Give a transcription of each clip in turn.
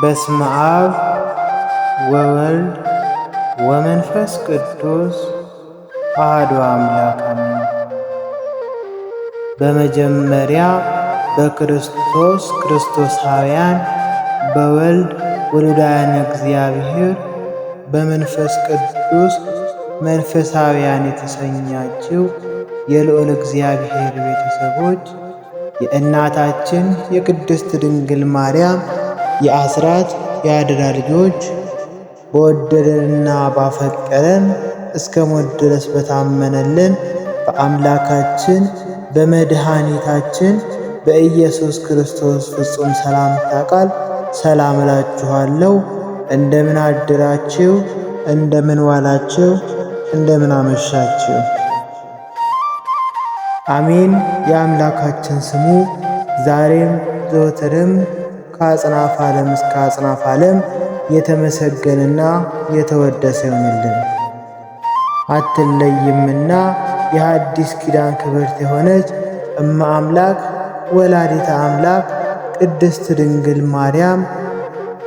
በስመ አብ ወወልድ ወመንፈስ ቅዱስ አሐዱ አምላክ አሜን። በመጀመሪያ በክርስቶስ ክርስቶሳውያን በወልድ ወሉዳያን እግዚአብሔር በመንፈስ ቅዱስ መንፈሳውያን የተሰኛችው የልዑል እግዚአብሔር ቤተሰቦች የእናታችን የቅድስት ድንግል ማርያም የአስራት የአደራ ልጆች በወደደንና ባፈቀረን እስከ ሞት ድረስ በታመነልን በአምላካችን በመድኃኒታችን በኢየሱስ ክርስቶስ ፍጹም ሰላምታ ቃል ሰላም እላችኋለሁ። እንደምን አድራችሁ? እንደምን ዋላችሁ? እንደምን አመሻችሁ? አሜን። የአምላካችን ስሙ ዛሬም ዘወትርም ከአጽናፍ ዓለም እስከ አጽናፍ ዓለም የተመሰገነና የተወደሰ ይሆንልን። አትለይምና የሐዲስ ኪዳን ክብርት የሆነች እመ አምላክ ወላዲተ አምላክ ቅድስት ድንግል ማርያም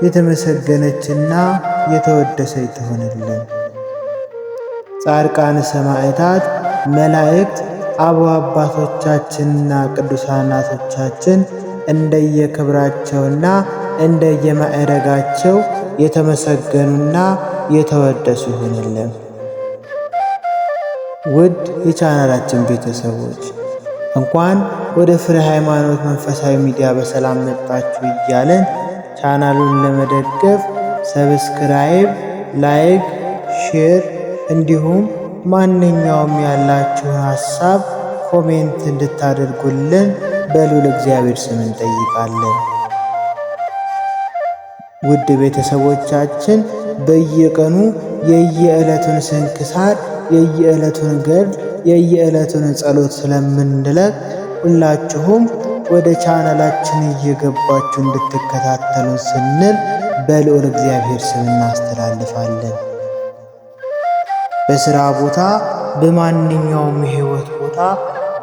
የተመሰገነችና የተወደሰች ትሆንልን። ጻድቃን ሰማዕታት፣ መላእክት፣ አበው አባቶቻችንና ቅዱሳናቶቻችን እንደየክብራቸውና እንደየማዕረጋቸው የተመሰገኑና የተወደሱ ይሆንልን። ውድ የቻናላችን ቤተሰቦች እንኳን ወደ ፍሬ ሃይማኖት መንፈሳዊ ሚዲያ በሰላም መጣችሁ እያለን ቻናሉን ለመደገፍ ሰብስክራይብ፣ ላይክ፣ ሼር እንዲሁም ማንኛውም ያላችሁን ሀሳብ ኮሜንት እንድታደርጉልን በልዑል እግዚአብሔር ስም እንጠይቃለን። ውድ ቤተሰቦቻችን በየቀኑ የየዕለቱን ስንክሳር፣ የየዕለቱን ገድል፣ የየዕለቱን ጸሎት ስለምንለቅ ሁላችሁም ወደ ቻናላችን እየገባችሁ እንድትከታተሉን ስንል በልዑል እግዚአብሔር ስም እናስተላልፋለን። በሥራ ቦታ፣ በማንኛውም የሕይወት ቦታ፣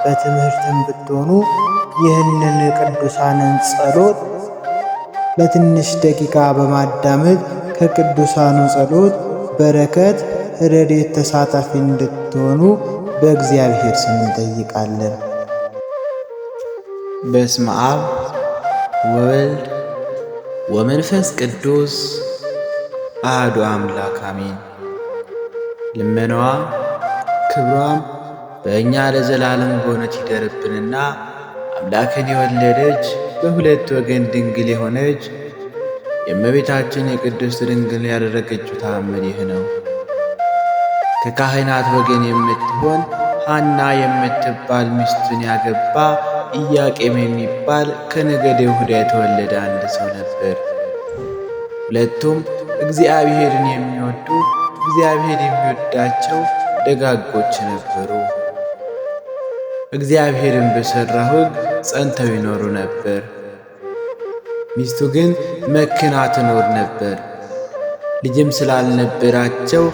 በትምህርትም ብትሆኑ ይህንን ቅዱሳንን ጸሎት ለትንሽ ደቂቃ በማዳመጥ ከቅዱሳኑ ጸሎት በረከት፣ ረድኤት ተሳታፊ እንድትሆኑ በእግዚአብሔር ስም እንጠይቃለን። በስመ አብ ወወልድ ወመንፈስ ቅዱስ አህዱ አምላክ አሜን። ልመናዋ ክብሯም በእኛ ለዘላለም በእውነት ይደርብንና አምላክን የወለደች በሁለት ወገን ድንግል የሆነች የእመቤታችን የቅድስት ድንግል ያደረገችው ተአምር ይህ ነው። ከካህናት ወገን የምትሆን ሐና የምትባል ሚስቱን ያገባ ኢያቄም የሚባል ከነገደ ይሁዳ የተወለደ አንድ ሰው ነበር። ሁለቱም እግዚአብሔርን የሚወዱ እግዚአብሔር የሚወዳቸው ደጋጎች ነበሩ። እግዚአብሔርን በሠራ ሕግ ጸንተው ይኖሩ ነበር። ሚስቱ ግን መክና ትኖር ነበር። ልጅም ስላልነበራቸው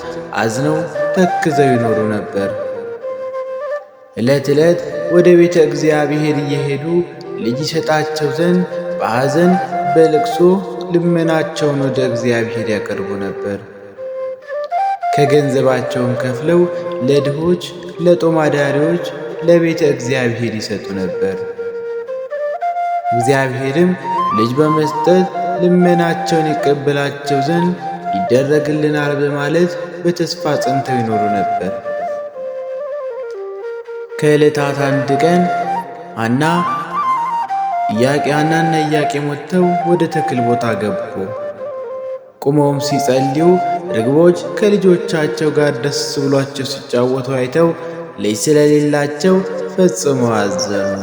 አዝነው ተክዘው ይኖሩ ነበር። ዕለት ዕለት ወደ ቤተ እግዚአብሔር እየሄዱ ልጅ ይሰጣቸው ዘንድ በሐዘን በልቅሶ ልመናቸውን ወደ እግዚአብሔር ያቀርቡ ነበር። ከገንዘባቸውን ከፍለው ለድሆች፣ ለጦማዳሪዎች ለቤተ እግዚአብሔር ይሰጡ ነበር። እግዚአብሔርም ልጅ በመስጠት ልመናቸውን ይቀበላቸው ዘንድ ይደረግልናል በማለት በተስፋ ጸንተው ይኖሩ ነበር። ከዕለታት አንድ ቀን አና ኢያቄ አናና ኢያቄም ወጥተው ወደ ተክል ቦታ ገቡ። ቁመውም ሲጸልዩ ርግቦች ከልጆቻቸው ጋር ደስ ብሏቸው ሲጫወቱ አይተው ልጅ ስለሌላቸው ፈጽመው አዘኑ።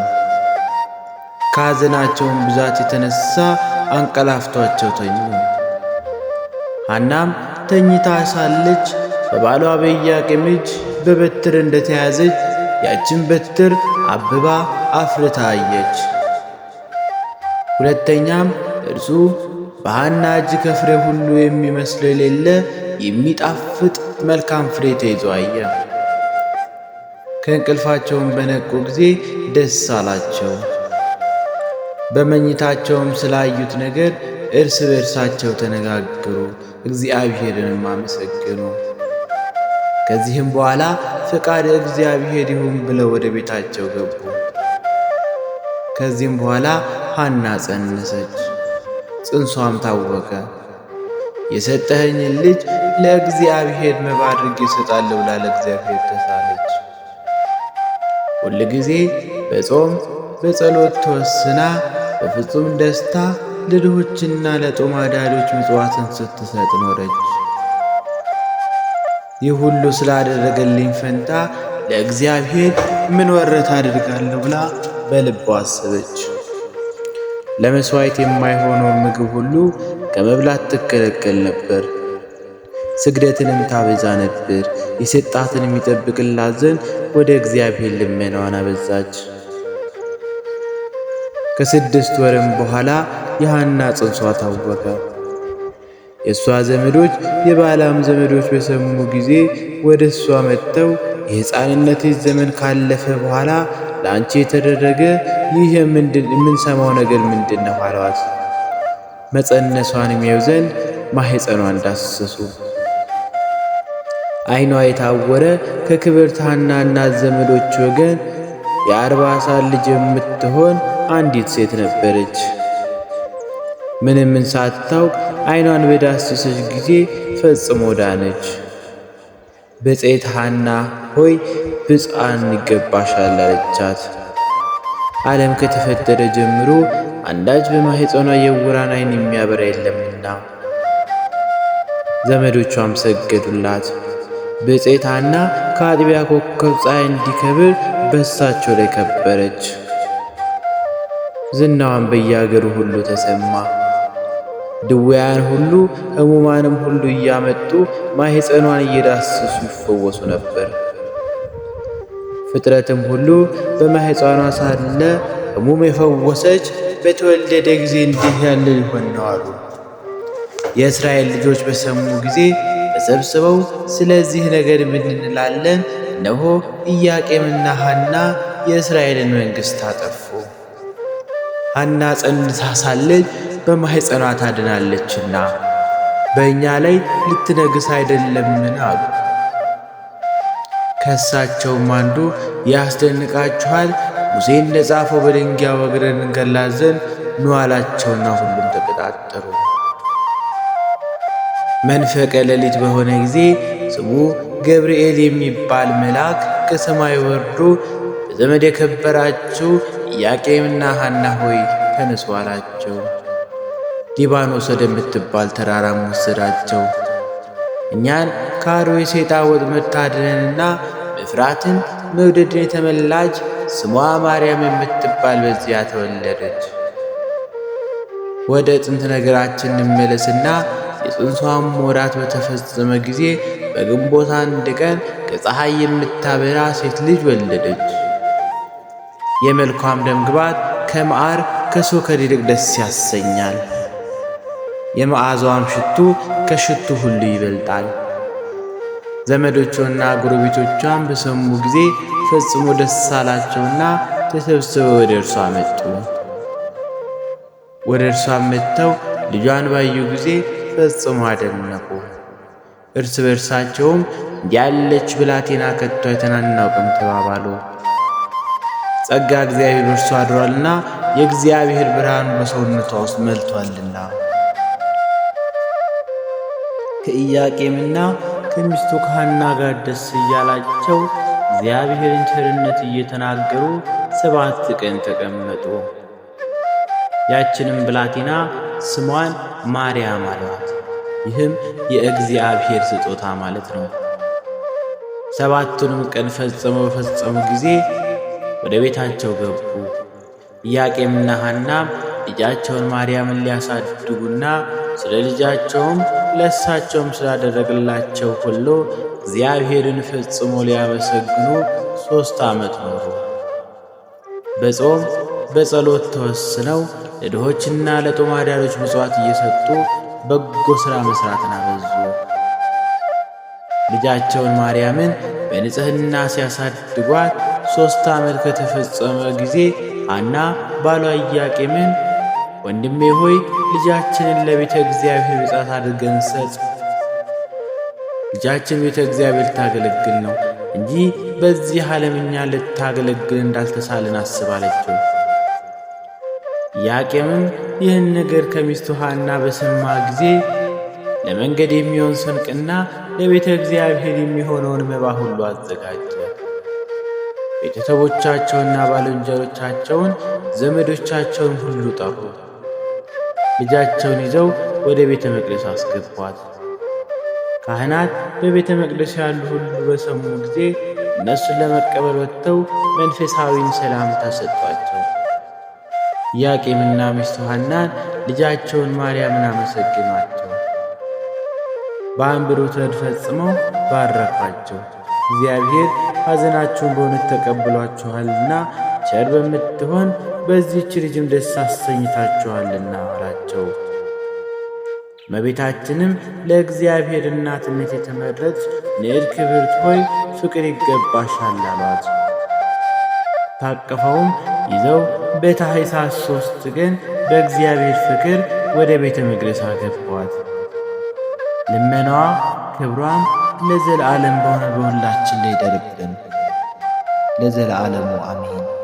ከሐዘናቸውን ብዛት የተነሳ አንቀላፍቷቸው ተኙ። ሐናም ተኝታ ሳለች በባሏ በኢያቄም እጅ በበትር እንደተያዘች ያችን በትር አብባ አፍርታ አየች። ሁለተኛም እርሱ በሐና እጅ ከፍሬ ሁሉ የሚመስል የሌለ የሚጣፍጥ መልካም ፍሬ ተይዞ አየ። ከእንቅልፋቸውን በነቁ ጊዜ ደስ አላቸው። በመኝታቸውም ስላዩት ነገር እርስ በእርሳቸው ተነጋገሩ፣ እግዚአብሔርንም አመሰገኑ። ከዚህም በኋላ ፈቃድ እግዚአብሔር ይሁን ብለው ወደ ቤታቸው ገቡ። ከዚህም በኋላ ሐና ጸነሰች፣ ጽንሷም ታወቀ። የሰጠኸኝን ልጅ ለእግዚአብሔር መባ አድርጌ እሰጣለሁ ብላ ለእግዚአብሔር ተሳለች። ጊዜ በጾም በጸሎት ተወስና በፍጹም ደስታ ለድሆችና ለጦም አዳሪዎች ምጽዋትን ስትሰጥ ኖረች። ይህ ሁሉ ስላደረገልኝ ፈንታ ለእግዚአብሔር ምን ወረት አድርጋለሁ ብላ በልቧ አሰበች። ለመሥዋዕት የማይሆነውን ምግብ ሁሉ ከመብላት ትከለከል ነበር። ስግደትንም ታበዛ ነበር። የሰጣትን የሚጠብቅላት ዘንድ ወደ እግዚአብሔር ልመናዋን አበዛች። ከስድስት ወርም በኋላ የሐና ጽንሷ ታወቀ። የእሷ ዘመዶች የባላም ዘመዶች በሰሙ ጊዜ ወደ እሷ መጥተው የሕፃንነትሽ ዘመን ካለፈ በኋላ ለአንቺ የተደረገ ይህ የምንሰማው ነገር ምንድን ነው አለዋት። መጸነሷን የሚያዩ ዘንድ ማኅፀኗ እንዳሰሱ ዓይኗ የታወረ ከክብርት ሐና እናት ዘመዶች ወገን የአርባ ሳል ልጅ የምትሆን አንዲት ሴት ነበረች። ምንም ሳትታውቅ ዓይኗን በዳሰሰች ጊዜ ፈጽሞ ዳነች። ብፅዕት ሐና ሆይ ብፅዓን ይገባሻል አለቻት። ዓለም ከተፈጠረ ጀምሮ አንዳች በማህፀኗ የዕውራን ዓይን የሚያበራ የለምና። ዘመዶቿም ሰገዱላት። ብፅዕት ሐና ከአጥቢያ ኮከብ ፀሐይ እንዲከብር በሳቸው ላይ ከበረች። ዝናዋን በየአገሩ ሁሉ ተሰማ። ድውያን ሁሉ ሕሙማንም ሁሉ እያመጡ ማኅፀኗን እየዳሰሱ ይፈወሱ ነበር። ፍጥረትም ሁሉ በማኅፀኗ ሳለ ሕሙም የፈወሰች በተወለደ ጊዜ እንዲህ ያለ ይሆን ነው አሉ። የእስራኤል ልጆች በሰሙ ጊዜ ተሰብስበው ስለዚህ ነገር ምን እንላለን? እነሆ ኢያቄምና ሐና የእስራኤልን መንግሥት አጠፉ። ሐና ጸንታ ሳለች በማኅፀኗ ታድናለችና በእኛ ላይ ልትነግስ አይደለምን አሉ። ከእሳቸውም አንዱ ያስደንቃችኋል፣ ሙሴ እንደ ጻፈው በድንጋይ ወግረን እንገላዘን ዘንድ ኑ አላቸውና ሁሉም ተቀጣጠሩ። መንፈቀ ሌሊት በሆነ ጊዜ ስሙ ገብርኤል የሚባል መልአክ ከሰማይ ወርዶ በዘመድ የከበራችሁ ኢያቄምና ሐና ሆይ ተነሱ አላቸው። ሊባኖስ ወደምትባል ተራራም ወሰዳቸው። እኛን ከአርዌ የሴጣ ወጥመድ ታድነንና መፍራትን መውደድን የተመላች ስሟ ማርያም የምትባል በዚያ ተወለደች። ወደ ጥንት ነገራችን እንመለስና የፅንሷም ወራት በተፈጸመ ጊዜ በግንቦት አንድ ቀን ከፀሐይ የምታበራ ሴት ልጅ ወለደች። የመልኳም ደምግባት ከመዓር ከሶከር ይልቅ ደስ ያሰኛል። የመዓዛዋም ሽቱ ከሽቱ ሁሉ ይበልጣል። ዘመዶቿና ጎረቤቶቿም በሰሙ ጊዜ ፈጽሞ ደስ አላቸውና ተሰብስበው ወደ እርሷ መጡ። ወደ እርሷም መጥተው ልጇን ባዩ ጊዜ ፈጽሞ አደነቁ። እርስ በርሳቸውም ያለች ብላቴና ከቶ አይተናናውቅም ተባባሉ። ጸጋ እግዚአብሔር እርሱ አድሯልና የእግዚአብሔር ብርሃን በሰውነቷ ውስጥ መልቷልና። ከኢያቄምና ከሚስቱ ከሐና ጋር ደስ እያላቸው እግዚአብሔርን ቸርነት እየተናገሩ ሰባት ቀን ተቀመጡ። ያችንም ብላቴና ስሟን ማርያም አሏት። ይህም የእግዚአብሔር ስጦታ ማለት ነው። ሰባቱንም ቀን ፈጽመው በፈጸሙ ጊዜ ወደ ቤታቸው ገቡ። ኢያቄምና ሐናም ልጃቸውን ማርያምን ሊያሳድጉና ስለ ልጃቸውም ለእሳቸውም ስላደረግላቸው ሁሉ እግዚአብሔርን ፈጽሞ ሊያመሰግኑ ሦስት ዓመት ኖሩ። በጾም በጸሎት ተወስነው ለድሆችና ለጦማዳሮች ምጽዋት እየሰጡ በጎ ሥራ መሥራትን አበዙ። ልጃቸውን ማርያምን በንጽሕና ሲያሳድጓት ሦስት ዓመት ከተፈጸመ ጊዜ ሐና ባሏ ኢያቄምን ወንድሜ ሆይ ልጃችንን ለቤተ እግዚአብሔር ብጻት አድርገን ሰጥ። ልጃችን ቤተ እግዚአብሔር ልታገለግል ነው እንጂ በዚህ ዓለም ልታገለግል እንዳልተሳልን አስባለችው። ኢያቄምም ይህን ነገር ከሚስቱ ሐና በሰማ ጊዜ ለመንገድ የሚሆን ስንቅና ለቤተ እግዚአብሔር የሚሆነውን መባ ሁሉ አዘጋጀ። ቤተሰቦቻቸውና ባልንጀሮቻቸውን ዘመዶቻቸውን ሁሉ ጠሩ። ልጃቸውን ይዘው ወደ ቤተ መቅደስ አስገቧት። ካህናት በቤተ መቅደስ ያሉ ሁሉ በሰሙ ጊዜ እነሱን ለመቀበል ወጥተው መንፈሳዊን ሰላምታ ሰጧቸው። ኢያቄምና ሚስቱ ሐናን ልጃቸውን ማርያምን አመሰግኗቸው በአንብሮት ረድ ፈጽመው ባረኳቸው። እግዚአብሔር ሐዘናችሁን በእውነት ተቀብሏችኋልና ቸር በምትሆን በዚህች ልጅም ደስ አሰኝታችኋልና አላቸው። መቤታችንም ለእግዚአብሔር እናትነት የተመረጥ ንዕድ ክብርት ሆይ ፍቅር ይገባሻል አሏት። ታቀፈውም ይዘው በታኅሳስ ሦስት ግን በእግዚአብሔር ፍቅር ወደ ቤተ መቅደስ አገቧት። ልመናዋ ክብሯም ለዘለዓለም በሆነ በሁላችን ላይ ይደርብን፣ ለዘለዓለሙ አሜን።